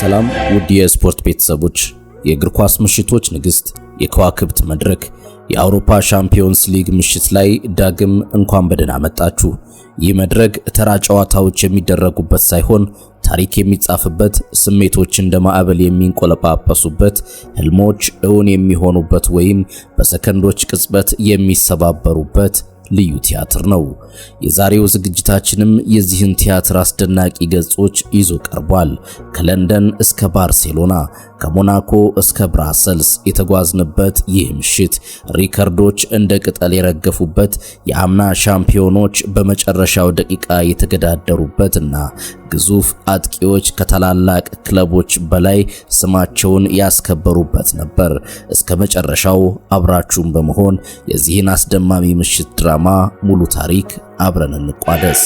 ሰላም ውድ የስፖርት ቤተሰቦች፣ የእግር ኳስ ምሽቶች ንግስት የከዋክብት መድረክ፣ የአውሮፓ ሻምፒዮንስ ሊግ ምሽት ላይ ዳግም እንኳን በደህና መጣችሁ። ይህ መድረክ ተራ ጨዋታዎች የሚደረጉበት ሳይሆን ታሪክ የሚጻፍበት፣ ስሜቶች እንደ ማዕበል የሚንቆለጳጰሱበት፣ ህልሞች እውን የሚሆኑበት ወይም በሰከንዶች ቅጽበት የሚሰባበሩበት ልዩ ቲያትር ነው። የዛሬው ዝግጅታችንም የዚህን ቲያትር አስደናቂ ገጾች ይዞ ቀርቧል። ከለንደን እስከ ባርሴሎና፣ ከሞናኮ እስከ ብራሰልስ የተጓዝንበት ይህ ምሽት ሪከርዶች እንደ ቅጠል የረገፉበት፣ የአምና ሻምፒዮኖች በመጨረሻው ደቂቃ የተገዳደሩበትና ግዙፍ አጥቂዎች ከታላላቅ ክለቦች በላይ ስማቸውን ያስከበሩበት ነበር። እስከ መጨረሻው አብራችሁን በመሆን የዚህን አስደማሚ ምሽት ድራማ ሙሉ ታሪክ አብረን እንቋደስ።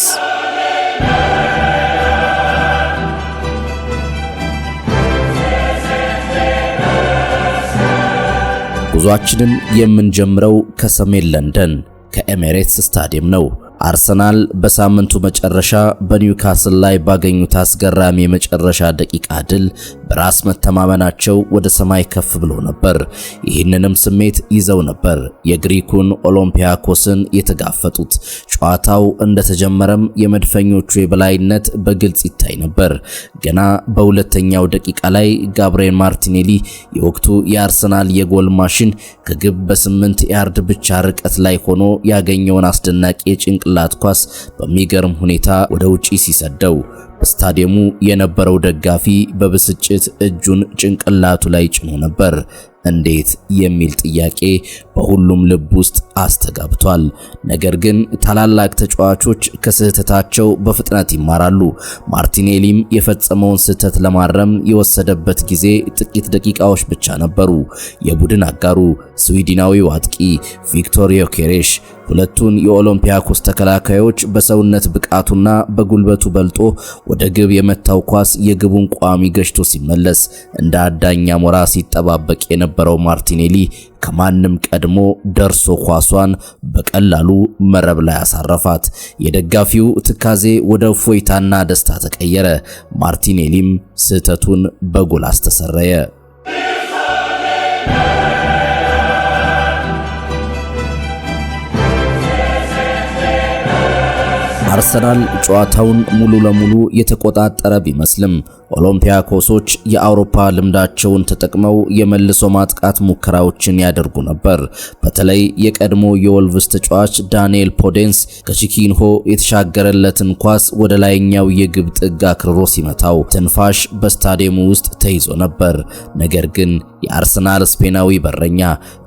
ጉዟችንን የምንጀምረው ከሰሜን ለንደን ከኤሜሬትስ ስታዲየም ነው። አርሰናል በሳምንቱ መጨረሻ በኒውካስል ላይ ባገኙት አስገራሚ የመጨረሻ ደቂቃ ድል በራስ መተማመናቸው ወደ ሰማይ ከፍ ብሎ ነበር። ይህንንም ስሜት ይዘው ነበር የግሪኩን ኦሎምፒያኮስን የተጋፈጡት። ጨዋታው እንደተጀመረም የመድፈኞቹ የበላይነት በግልጽ ይታይ ነበር። ገና በሁለተኛው ደቂቃ ላይ ጋብርኤል ማርቲኔሊ የወቅቱ የአርሰናል የጎል ማሽን ከግብ በስምንት ያርድ ብቻ ርቀት ላይ ሆኖ ያገኘውን አስደናቂ የጭንቅላ የጭንቅላት ኳስ በሚገርም ሁኔታ ወደ ውጪ ሲሰደው በስታዲየሙ የነበረው ደጋፊ በብስጭት እጁን ጭንቅላቱ ላይ ጭኖ ነበር። እንዴት የሚል ጥያቄ በሁሉም ልብ ውስጥ አስተጋብቷል። ነገር ግን ታላላቅ ተጫዋቾች ከስህተታቸው በፍጥነት ይማራሉ። ማርቲኔሊም የፈጸመውን ስህተት ለማረም የወሰደበት ጊዜ ጥቂት ደቂቃዎች ብቻ ነበሩ። የቡድን አጋሩ ስዊድናዊው አጥቂ ቪክቶር ዮኬሬሽ ሁለቱን የኦሎምፒያኮስ ተከላካዮች በሰውነት ብቃቱና በጉልበቱ በልጦ ወደ ግብ የመታው ኳስ የግቡን ቋሚ ገጭቶ ሲመለስ እንደ አዳኛ ሞራ ሲጠባበቅ የነበረው ማርቲኔሊ ከማንም ቀድሞ ደርሶ ኳሷን በቀላሉ መረብ ላይ አሳረፋት። የደጋፊው ትካዜ ወደ እፎይታና ደስታ ተቀየረ። ማርቲኔሊም ስህተቱን በጎል አስተሰረየ። አርሰናል ጨዋታውን ሙሉ ለሙሉ የተቆጣጠረ ቢመስልም ኦሎምፒያኮሶች የአውሮፓ ልምዳቸውን ተጠቅመው የመልሶ ማጥቃት ሙከራዎችን ያደርጉ ነበር። በተለይ የቀድሞ የወልቭስ ተጫዋች ዳንኤል ፖዴንስ ከቺኪንሆ የተሻገረለትን ኳስ ወደ ላይኛው የግብ ጥግ አክርሮ ሲመታው ትንፋሽ በስታዲየሙ ውስጥ ተይዞ ነበር። ነገር ግን የአርሰናል ስፔናዊ በረኛ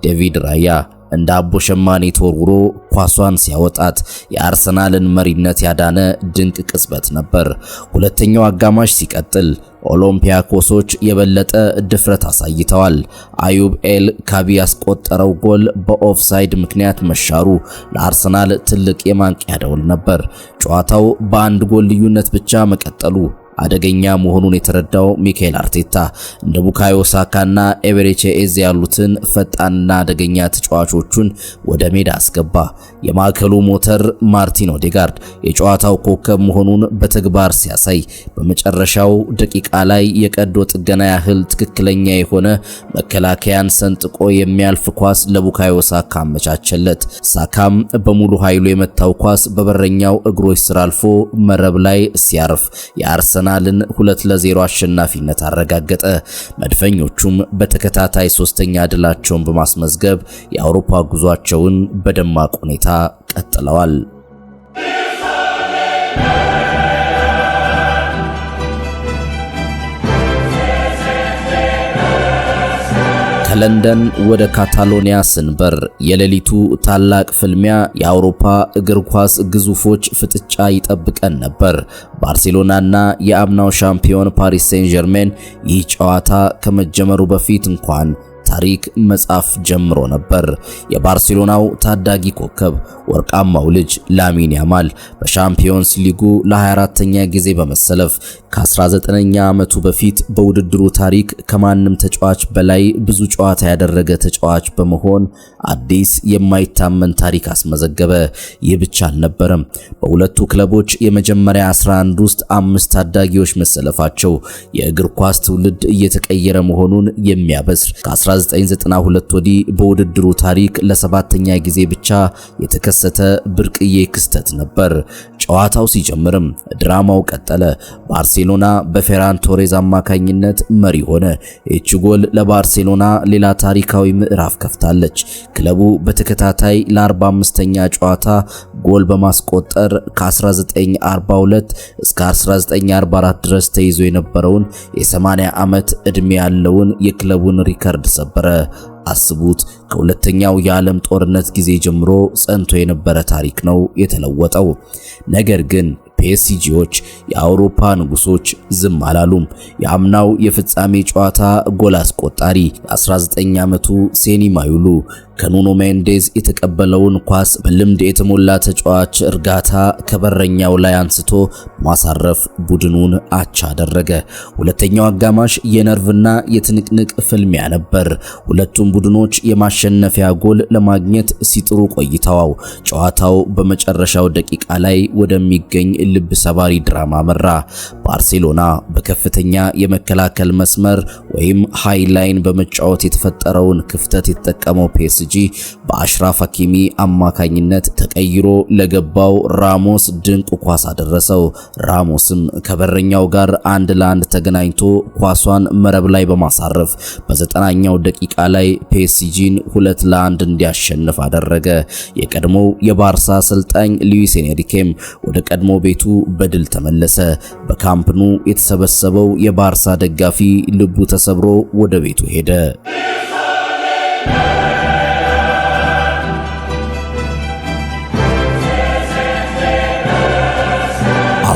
ዴቪድ ራያ እንደ አቦ ሸማኔ ተወርውሮ ኳሷን ሲያወጣት የአርሰናልን መሪነት ያዳነ ድንቅ ቅጽበት ነበር። ሁለተኛው አጋማሽ ሲቀጥል ኦሎምፒያኮሶች የበለጠ ድፍረት አሳይተዋል። አዩብ ኤል ካቢ ያስቆጠረው ጎል በኦፍሳይድ ምክንያት መሻሩ ለአርሰናል ትልቅ የማንቂያ ደወል ነበር። ጨዋታው በአንድ ጎል ልዩነት ብቻ መቀጠሉ አደገኛ መሆኑን የተረዳው ሚካኤል አርቴታ እንደ ቡካዮ ሳካና ኤቨሬቼ ኤዜ ያሉትን ፈጣንና አደገኛ ተጫዋቾቹን ወደ ሜዳ አስገባ። የማዕከሉ ሞተር ማርቲን ኦዴጋርድ የጨዋታው ኮከብ መሆኑን በተግባር ሲያሳይ በመጨረሻው ደቂቃ ላይ የቀዶ ጥገና ያህል ትክክለኛ የሆነ መከላከያን ሰንጥቆ የሚያልፍ ኳስ ለቡካዮ ሳካ አመቻቸለት። ሳካም በሙሉ ኃይሉ የመታው ኳስ በበረኛው እግሮች ስር አልፎ መረብ ላይ ሲያርፍ የአርሰናል አርሰናልን ሁለት ለዜሮ አሸናፊነት አረጋገጠ። መድፈኞቹም በተከታታይ ሶስተኛ ድላቸውን በማስመዝገብ የአውሮፓ ጉዟቸውን በደማቅ ሁኔታ ቀጥለዋል። ከለንደን ወደ ካታሎኒያ ስንበር የሌሊቱ ታላቅ ፍልሚያ የአውሮፓ እግር ኳስ ግዙፎች ፍጥጫ ይጠብቀን ነበር። ባርሴሎናና የአምናው ሻምፒዮን ፓሪስ ሴን ጀርሜን ይህ ጨዋታ ከመጀመሩ በፊት እንኳን ታሪክ መጻፍ ጀምሮ ነበር። የባርሴሎናው ታዳጊ ኮከብ ወርቃማው ልጅ ላሚን ያማል በሻምፒዮንስ ሊጉ ለ 24 ኛ ጊዜ በመሰለፍ ከ19ኛ ዓመቱ በፊት በውድድሩ ታሪክ ከማንም ተጫዋች በላይ ብዙ ጨዋታ ያደረገ ተጫዋች በመሆን አዲስ የማይታመን ታሪክ አስመዘገበ። ይህ ብቻ አልነበረም። በሁለቱ ክለቦች የመጀመሪያ 11 ውስጥ አምስት ታዳጊዎች መሰለፋቸው የእግር ኳስ ትውልድ እየተቀየረ መሆኑን የሚያበስር ከ19 1992 ወዲህ በውድድሩ ታሪክ ለሰባተኛ ጊዜ ብቻ የተከሰተ ብርቅዬ ክስተት ነበር። ጨዋታው ሲጀምርም ድራማው ቀጠለ። ባርሴሎና በፌራን ቶሬዝ አማካኝነት መሪ ሆነ። ይህች ጎል ለባርሴሎና ሌላ ታሪካዊ ምዕራፍ ከፍታለች። ክለቡ በተከታታይ ለ45ኛ ጨዋታ ጎል በማስቆጠር ከ1942 እስከ 1944 ድረስ ተይዞ የነበረውን የ80 ዓመት ዕድሜ ያለውን የክለቡን ሪከርድ ሰበረ። አስቡት። ከሁለተኛው የዓለም ጦርነት ጊዜ ጀምሮ ጸንቶ የነበረ ታሪክ ነው የተለወጠው። ነገር ግን ፔሲጂዎች የአውሮፓ ንጉሶች ዝም አላሉም። የአምናው የፍጻሜ ጨዋታ ጎል አስቆጣሪ 19 ዓመቱ ሴኒ ማዩሉ ከኑኖ ሜንዴዝ የተቀበለውን ኳስ በልምድ የተሞላ ተጫዋች እርጋታ ከበረኛው ላይ አንስቶ ማሳረፍ ቡድኑን አቻ አደረገ። ሁለተኛው አጋማሽ የነርቭና የትንቅንቅ ፍልሚያ ነበር። ሁለቱም ቡድኖች የማሸነፊያ ጎል ለማግኘት ሲጥሩ ቆይተዋል። ጨዋታው በመጨረሻው ደቂቃ ላይ ወደሚገኝ ልብ ሰባሪ ድራማ መራ። ባርሴሎና በከፍተኛ የመከላከል መስመር ወይም ሃይላይን በመጫወት የተፈጠረውን ክፍተት የተጠቀመው ፔስ ስትራቴጂ በአሽራፍ ሀኪሚ አማካኝነት ተቀይሮ ለገባው ራሞስ ድንቅ ኳስ አደረሰው። ራሞስም ከበረኛው ጋር አንድ ለአንድ ተገናኝቶ ኳሷን መረብ ላይ በማሳረፍ በዘጠናኛው ደቂቃ ላይ ፔሲጂን ሁለት ለአንድ እንዲያሸንፍ አደረገ። የቀድሞው የባርሳ አሰልጣኝ ሉዊስ ኤንሪኬም ወደ ቀድሞ ቤቱ በድል ተመለሰ። በካምፕኑ የተሰበሰበው የባርሳ ደጋፊ ልቡ ተሰብሮ ወደ ቤቱ ሄደ።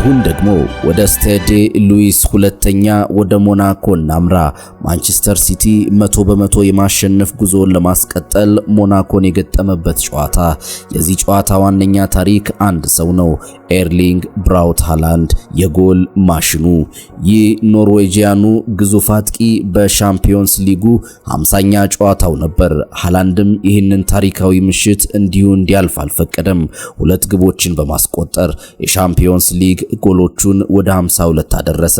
አሁን ደግሞ ወደ ስቴዴ ሉዊስ ሁለተኛ ወደ ሞናኮ እናምራ። ማንቸስተር ሲቲ መቶ በመቶ የማሸነፍ ጉዞውን ለማስቀጠል ሞናኮን የገጠመበት ጨዋታ። የዚህ ጨዋታ ዋነኛ ታሪክ አንድ ሰው ነው፣ ኤርሊንግ ብራውት ሃላንድ የጎል ማሽኑ። ይህ ኖርዌጂያኑ ግዙፍ አጥቂ በሻምፒዮንስ ሊጉ 50ኛ ጨዋታው ነበር። ሃላንድም ይህንን ታሪካዊ ምሽት እንዲሁ እንዲያልፍ አልፈቀደም። ሁለት ግቦችን በማስቆጠር የሻምፒዮንስ ሊግ ጎሎቹን ወደ 52 አደረሰ።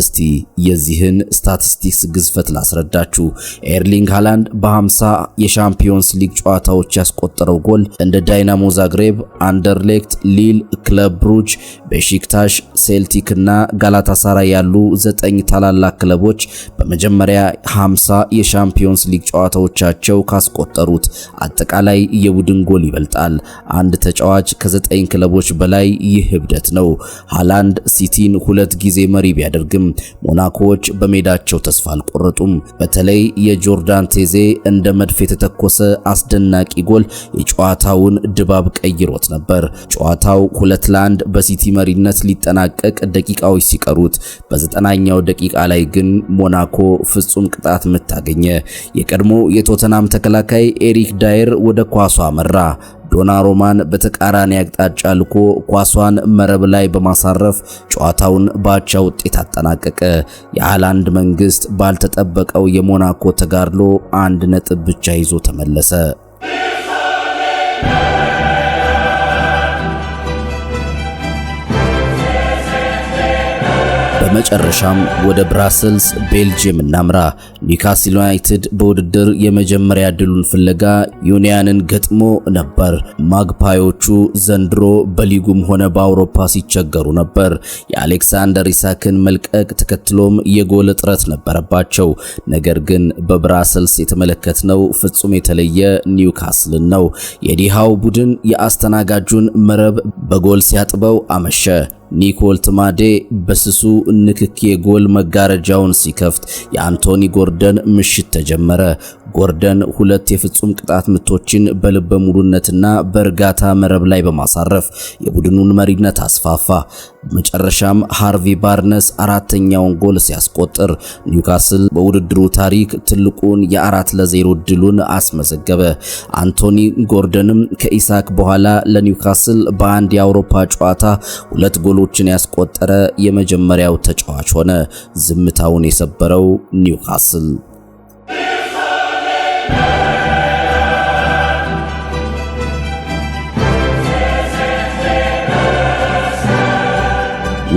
እስቲ የዚህን ስታቲስቲክስ ግዝፈት ላስረዳችሁ። ኤርሊንግ ሃላንድ በ50 የሻምፒዮንስ ሊግ ጨዋታዎች ያስቆጠረው ጎል እንደ ዳይናሞ ዛግሬብ፣ አንደርሌክት፣ ሊል፣ ክለብ ብሩጅ፣ ቤሺክታሽ፣ ሴልቲክ እና ጋላታሳራ ያሉ ዘጠኝ ታላላቅ ክለቦች በመጀመሪያ 50 የሻምፒዮንስ ሊግ ጨዋታዎቻቸው ካስቆጠሩት አጠቃላይ የቡድን ጎል ይበልጣል። አንድ ተጫዋች ከዘጠኝ ክለቦች በላይ ይህ ህብደት ነው። ሃላንድ ሲቲን ሁለት ጊዜ መሪ ቢያደርግም ግን ሞናኮዎች በሜዳቸው ተስፋ አልቆረጡም። በተለይ የጆርዳን ቴዜ እንደ መድፍ የተተኮሰ አስደናቂ ጎል የጨዋታውን ድባብ ቀይሮት ነበር። ጨዋታው ሁለት ለአንድ በሲቲ መሪነት ሊጠናቀቅ ደቂቃዎች ሲቀሩት በዘጠናኛው ደቂቃ ላይ ግን ሞናኮ ፍጹም ቅጣት ምት አገኘ። የቀድሞ የቶተናም ተከላካይ ኤሪክ ዳየር ወደ ኳሷ አመራ። ዶናሮማን በተቃራኒ አቅጣጫ ልኮ ኳሷን መረብ ላይ በማሳረፍ ጨዋታውን ባቻ ውጤት አጠናቀቀ። የሃላንድ መንግስት ባልተጠበቀው የሞናኮ ተጋድሎ አንድ ነጥብ ብቻ ይዞ ተመለሰ። በመጨረሻም ወደ ብራሰልስ ቤልጅየም እናምራ። ኒውካስል ዩናይትድ በውድድር የመጀመሪያ ድሉን ፍለጋ ዩኒያንን ገጥሞ ነበር። ማግፓዮቹ ዘንድሮ በሊጉም ሆነ በአውሮፓ ሲቸገሩ ነበር። የአሌክሳንደር ኢሳክን መልቀቅ ተከትሎም የጎል እጥረት ነበረባቸው። ነገር ግን በብራሰልስ የተመለከትነው ፍጹም የተለየ ኒውካስልን ነው። የዲሃው ቡድን የአስተናጋጁን መረብ በጎል ሲያጥበው አመሸ። ኒኮል ትማዴ በስሱ ንክኪ የጎል መጋረጃውን ሲከፍት የአንቶኒ ጎርደን ምሽት ተጀመረ። ጎርደን ሁለት የፍጹም ቅጣት ምቶችን በልበ ሙሉነትና በእርጋታ መረብ ላይ በማሳረፍ የቡድኑን መሪነት አስፋፋ። መጨረሻም ሃርቪ ባርነስ አራተኛውን ጎል ሲያስቆጥር ኒውካስል በውድድሩ ታሪክ ትልቁን የአራት ለዜሮ ድሉን አስመዘገበ። አንቶኒ ጎርደንም ከኢሳክ በኋላ ለኒውካስል በአንድ የአውሮፓ ጨዋታ ሁለት ጎሎችን ያስቆጠረ የመጀመሪያው ተጫዋች ሆነ። ዝምታውን የሰበረው ኒውካስል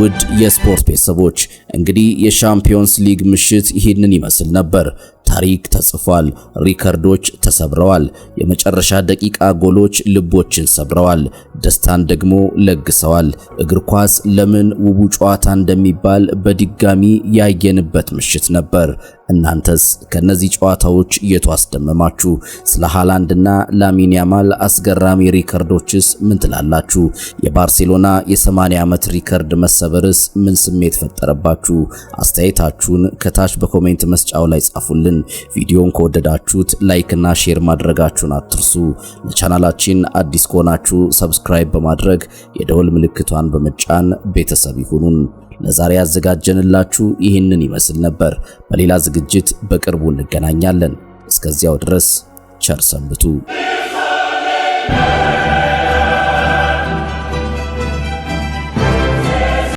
ውድ የስፖርት ቤተሰቦች እንግዲህ የሻምፒዮንስ ሊግ ምሽት ይህንን ይመስል ነበር። ታሪክ ተጽፏል። ሪከርዶች ተሰብረዋል። የመጨረሻ ደቂቃ ጎሎች ልቦችን ሰብረዋል፣ ደስታን ደግሞ ለግሰዋል። እግር ኳስ ለምን ውቡ ጨዋታ እንደሚባል በድጋሚ ያየንበት ምሽት ነበር። እናንተስ ከነዚህ ጨዋታዎች የቱ አስደመማችሁ? ስለ ሃላንድና ላሚን ያማል አስገራሚ ሪከርዶችስ ምን ትላላችሁ? የባርሴሎና የ80 ዓመት ሪከርድ መሰበርስ ምን ስሜት ፈጠረባችሁ? አስተያየታችሁን ከታች በኮሜንት መስጫው ላይ ጻፉልን። ቪዲዮን ከወደዳችሁት ላይክና ሼር ማድረጋችሁን አትርሱ። ለቻናላችን አዲስ ከሆናችሁ ሰብስክራይብ በማድረግ የደወል ምልክቷን በመጫን ቤተሰብ ይሁኑን። ለዛሬ ያዘጋጀንላችሁ ይህንን ይመስል ነበር። በሌላ ዝግጅት በቅርቡ እንገናኛለን። እስከዚያው ድረስ ቸር ሰንብቱ።